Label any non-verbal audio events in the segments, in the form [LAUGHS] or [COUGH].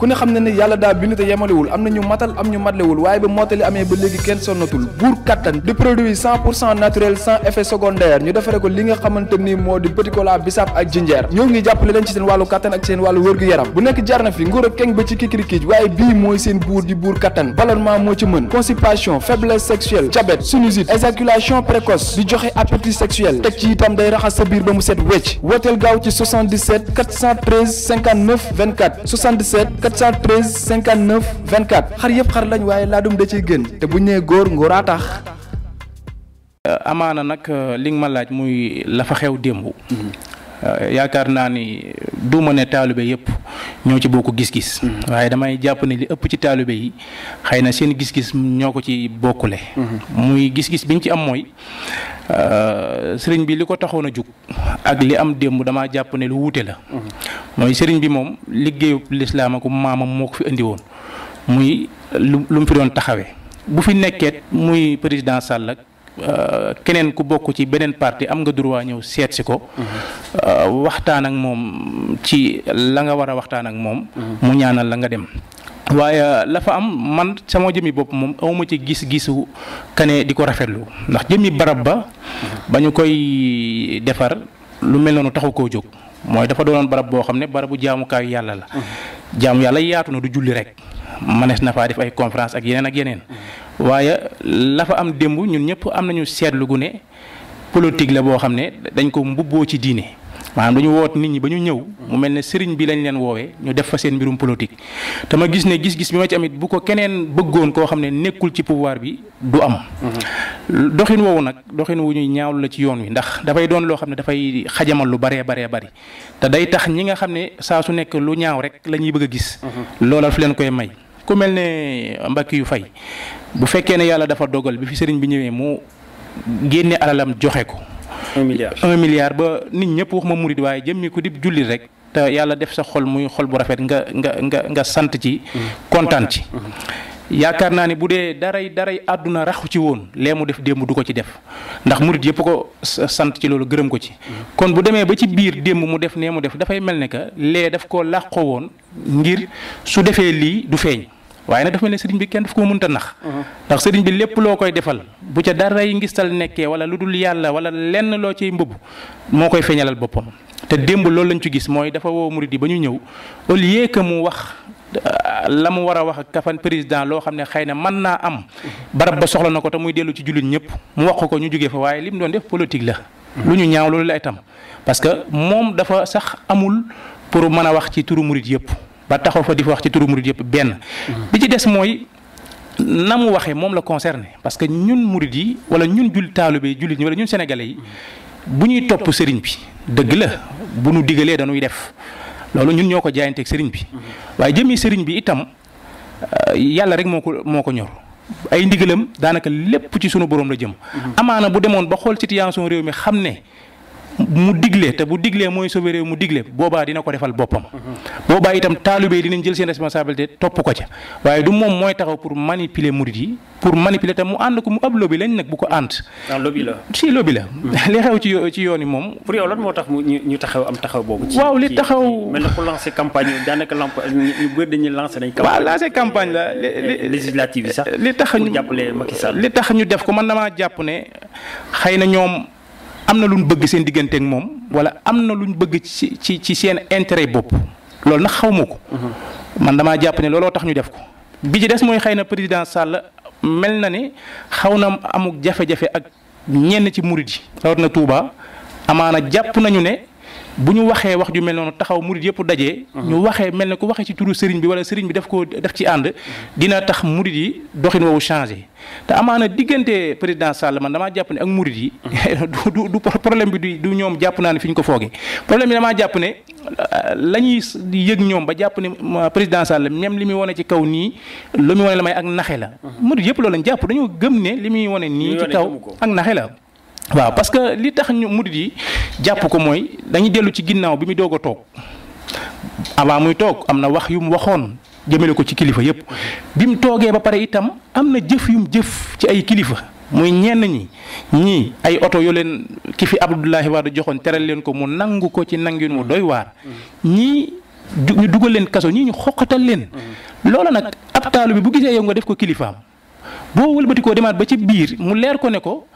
ku ne xam ne ne yàlla daa bind te yemalewul am na ñu matal am ñu matlewul waaye ba mottali amee ba léegi kenn sonnatul buur kattan di produit cent pour cent naturel sans effet secondaire ñu defare ko li nga xamante ni moo di petit bisaab ak jinjeer ñoo ngi jàppale leen ci seen wàllu kattan ak seen wàllu wërgu-yaram bu nekk jar na fi nguur ak keng ba ci kikirikiij waaye bii mooy seen buur di buur kattan ballonnement moo ci mën constipation faiblesse sexuelle joxe appétit sexuel teg ci itam day raxas sa biir ba mu set wecc wooteel gaaw ci 77 413 713 59 24 xar yëpp xar lañ waaye laadum da ciy gën te bu ñu nee góor ngóoraa tax. Euh, amaana nag euh, li nga ma laaj muy lafa xew démb. Mhm. Euh, yaakaar naa ni du ma ne taalibe yëpp ñoo ci bokk gis-gis. Mhm. waaye damay jàpp ne li ëpp ci taalibe yi xëy na seen gis-gis ñoo ko ci bokkule. Mhm. muy gis-gis biñ ci am mooy sëriñ bi li ko taxoon a jug ak li am démb damaa jàpp ne lu wuute la. mooy sëriñ bi moom liggéeyub lislaam ak maamam moo ko fi indi woon muy lu mu fi doon taxawee bu fi nekkeet muy président Sall ak euh, keneen ku bokk ci beneen parti am nga droit ñëw seet si ko euh, waxtaan ak moom ci la nga war a waxtaan ak moom mu ñaanal la nga dem waaye euh, la fa am man sama jëmmi bopp moom awma ci gis-gisu kane di ko rafetlu ndax jëmmi barab ba ba ñu koy defar lu mel noonu taxu koo jóg mooy dafa doonoon barab boo xam ne barabu jaamukaayu yàlla la. jaamu yàlla yaatu na du julli rek mënees na faa def ay conférence ak yeneen ak yeneen waaye la fa am démb ñun ñëpp am nañu seetlu gu ne politique la boo xam ne dañ ko mbubboo ci diine. maanaam dañu woot nit ñi ba ñu ñëw mu mel ne sëriñ bi lañ leen woowee ñu def fa seen mbirum politique te ma gis ne gis-gis bi ma ci amit bu ko keneen bëggoon koo xam ne nekkul ci pouvoir bi du am. Mm-hmm. doxin woowu nag doxin wu ñuy ñaawlu la ci yoon wi ndax dafay doon loo xam ne dafay xajamal lu bare baree bari te day tax ñi nga xam ne saa su nekk lu ñaaw rek la ñuy bëgg a gis. Mhm. loolal fi leen koy may ku mel ne mbakki yu fay bu fekkee ne yàlla dafa dogal bi fi sëriñ bi ñëwee mu génne alalam joxe ko. un milliard ba nit ñëpp wax ma murid waaye jëmmi ko di jullit rek. te yàlla def sa xol muy xol bu rafet nga nga nga nga sant ci mhm. kontaan ci. Mhm. yaakaar naa ne bu dee daray daray àdduna raxu ci woon lee mu def démb du ko ci def ndax murit yëpp ko sant ci loolu gërëm ko ci. kon bu demee ba ci biir démb mu def nee mu def dafay mel ne que lee daf koo làqoo woon ngir su defee lii du feeñ. waaye nag dafa mel ne sëriñ bi kenn daf ko mënta nax ndax sëriñ bi lépp loo koy defal bu ca dara yi ngistal nekkee wala lu dul yàlla wala lenn loo ciy mbëbb moo koy feeñalal boppam te démb loolu lañ ci gis mooy dafa woo murid yi ba ñu ñëw wax la mu war a wax ak kafan président loo xam ne xëy na man naa am barab ba soxla na ko te muy dellu ci jullit ñëpp mu wax ko ñu jógee fa waaye li doon def politique la. lu ñu ñaaw loolu la itam parce que moom dafa sax amul pour mën a wax ci turu murit yëpp ba taxaw fa di fa wax ci turu murit yëpp benn. bi ci des mooy na mu waxee moom la conserné parce que ñun murit yi wala ñun jul taalibe yi jullit ñi wala ñun sénégalais yi bu ñuy topp sëriñ bi dëgg la bu nu digalee dañuy def. loolu ñun ñoo ko jaayanteeg sëriñ bi waaye jëmmi sëriñ bi itam euh, yàlla rek moo ko moo ko ñor ay ndigalam daanaka lépp ci sunu borom la jëm. Mm-hmm. amaana bu demoon ba xool situation réew mi xam ne mu diglee te bu diglee mooy sauver réew mu digle boobaa dina ko defal boppam. boobaa itam taalibe yi dinañ jël seen responsabilité topp ko ca waaye du moom mooy taxaw pour manipuler murid yi pour manipuler tam mu ànd ko mu ab lobby lañ nag bu ko ànd. ah lobby la si lobby la. [LAUGHS] li xew ci ci yoon yi moom. pour yow lan moo tax mu ñu taxaw taxaw boobu. ci waaw li taxaw mel na ku lancer campagne yi daanaka ñu bëri dañuy lancer nañ. campagne waaw la. Eh, législative yi sax. li tax ñu jàppale Macky Sall li tax ñu def ko man damaa jàpp ne xay na ñoom. am na lu ñu bëgg seen digganteeg moom wala am na lu ñu bëgg ci ci ci seen intérêt bopp loolu nag xaw ma ko. Mhm. man damaa jàpp ne looloo tax ñu def ko bi ci des mooy xëy na président Sall mel na ne xaw na amuk jafe-jafe ak ñenn ci murid yi. rawat na Touba amaana jàpp nañu ne. bu ñu waxee wax ju mel noonu taxaw murit yëpp dajee ñu waxee mel ne ku waxee ci turu sëriñ bi wala sëriñ bi def ko def ci ànd dina tax murit yi doxin woowu changé te amaana diggante président Sall man damaa jàpp ne ak murit yi [LAUGHS] du du problème bi du du ñoom jàpp naa ne fi ñu ko foogee problème bi damaa jàpp ne la ñuy yëg ñoom ba jàpp ne président Sall même li muy wane ci kaw nii lu muy wane la may ak naxe la murit yëpp loolu lañ jàpp dañoo gëm ne li muy wane nii ci kaw ak naxe la jàpp ko mooy dañuy dellu ci ginnaaw bi muy doog a toog avant muy toog am na wax yu mu waxoon jëmale ko ci kilifa yépp bi mu toogee ba pare itam am na jëf yu jëf ci ay kilifa muy ñenn ñi ñi ay oto yu leen ki fi Abdoulaye Wade joxoon teral leen ko mu nangu ko ci nangin mu doy waar ñii ñu dugal leen kaso ñii ñu xoqatal leen loola nag ab taalu bi bu gisee yow nga def ko kilifaam boo wëlbatikoo demaat ba ci biir mu leer ko ne ko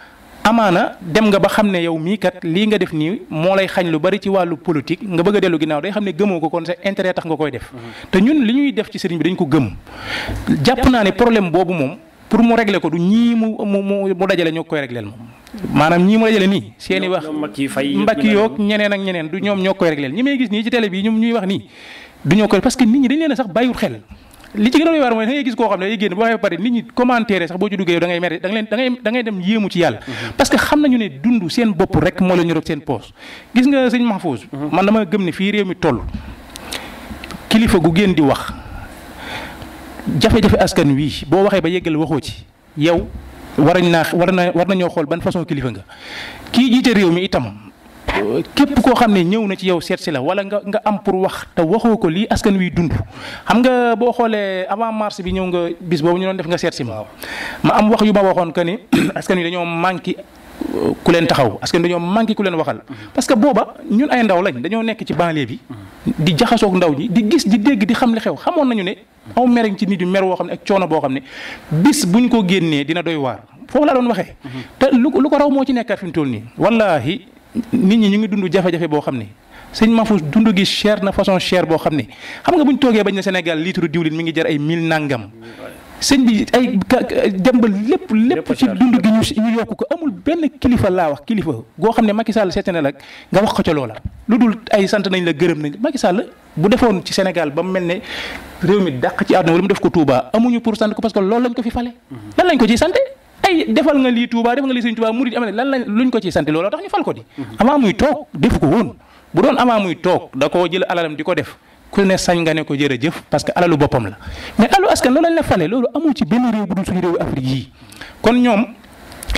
amaana dem nga ba xam ne yow mii kat lii nga def nii moo lay xañ lu bari ci wàllu politique nga bëgg dellu ginnaaw day xam ne gëmoo ko kon sa intérêt tax nga koy def mm-hmm. te ñun li ñuy def ci sëriñ bi dañ ko gëm jàpp naa ne problème boobu moom pour mu régler ko du ñii mu mu mu dajale ñoo koy régleel moom maanaam ñii mu dajale nii seeni wax mbakki yoog ñeneen ak ñeneen du ñoom ñoo koy régleel ñi may gis nii ci télé bi ñoom ñuy wax nii du ñoo koy parce que nit ñi dañ leen a sax bàyyiwut xel li ci gën a doy waar mooy da gis koo xam ne day génn bu waxee ba pare nit ñi commentaire sax boo ci duggee yow da ngay mere da ngay da dem yéemu ci yàlla mm-hmm. parce que xam nañu ne dund seen bopp rek moo la ñu rek seen poos gis nga sëñ Mahfouz mm-hmm. man dama gëm ne fii réew mi toll kilifa gu génn di wax jafe-jafe askan wi boo waxee ba yeggal waxoo ci yow war nañ war na war nañoo xool ban façon kilifa nga kii jiite réew mi itam képp koo xam ne ñëw na ci yow seet si la wala nga nga am pour wax te waxoo ko lii askan wi dund xam nga boo xoolee avant mars bi ñëw nga bis boobu ñu doon def nga seet si ma ma am wax yu ma waxoon que ni [CLEARS THROAT] askan wi dañoo manqué euh, ku leen taxaw askan wi dañoo manqué ku leen waxal parce que booba ñun ay ndaw lañ dañoo nekk ci bi di jaxasoog ndaw ñi di gis di dégg di xam li xew xamoon nañu ne aw mer ci nit yu mer woo xam ne ak coono boo xam ne bis bu buñ ko génnee dina doy waar foofu laa doon waxee mhm. te lu ko raw moo ci nekkaat fi mu toll nii wallaahi nit ñi ñu ngi dund jafe-jafe boo xam ne sëñ Mahfouz dund gi cher na façon cher boo xam ne xam nga bu ñu toogee bañ na Sénégal litre diwlin mi ngi jar ay mille nangam. sëñ bi ay dem lépp lépp ci dund gi ñu yokk ko amul benn kilifa laa wax kilifa goo xam ne Macky Sall seet na la nga wax ko ca loola. lu dul ay sant nañ la gërëm nañ Macky Sall bu defoon ci Sénégal ba mu mel ne réew mi dàq ci àdduna wala mu def ko Touba amuñu pour sant ko parce que loolu lañ ko fi fale. Mhm. lan sante ay defal nga lii Touba defal nga lii Sëriñ Touba murid am na lan lañ luñ ko ci sant looloo tax ñu fal ko di avant muy toog def ko woon bu doon avant muy toog da koo jël alalam di ko def ku ne sañ nga ne ko jërëjëf parce que alalu boppam la mais alalu askan loolu lañ la fale loolu amul ci benn réew bu dul suñu réewu Afrique yii kon ñoom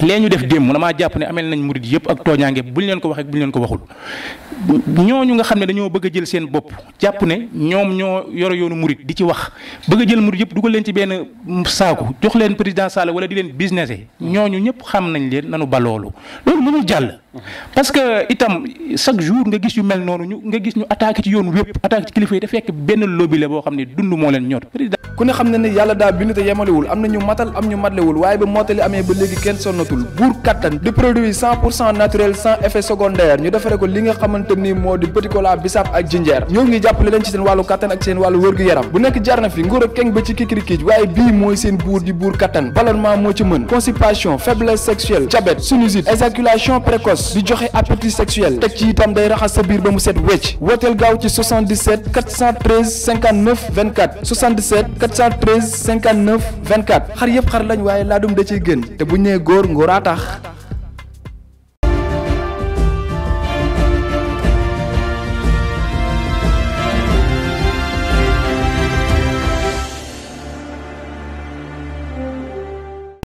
lee ñu def démb damaa jàpp ne amel nañ murid yëpp ak tooñaange buñ leen ko waxee buñ leen ko waxul ñu nga xam ne dañoo bëgg a jël seen bopp jàpp ne ñoom ñoo yoro yoonu murid di ci wax bëgg jël murid yëpp dugal leen ci benn saaku jox leen président Sall wala di leen businessé ñooñu ñëpp xam nañ leen nanu ba loolu loolu mënul jàll. parce que itam chaque jour nga gis yu mel noonu nga gis ñu attaqué ci yoon wépp attaqué ci kilifa yi da fekk benn lobby la boo xam ne dund moo leen ñor président ku ne xam ne ne yàlla daa bind te yemalewul am na ñu matal am ñu matlewul waaye ba mottali amee ba léegi kenn sonnatul buur kattan di produit cent pour cent naturel sans effet secondaire ñu defare ko li nga xamante ni moo di petit bisaab ak jinjeer ñoo ngi jàppale leen ci seen wàllu poche di joxe appétit sexuel teg ci itam day raxas sa biir ba mu set wecc wooteel gaaw ci 77 413 59 24 77 413 59 24 xar yëpp xar lañ waaye laa laadum da ciy gën te bu ñu nee góor ngóoraa tax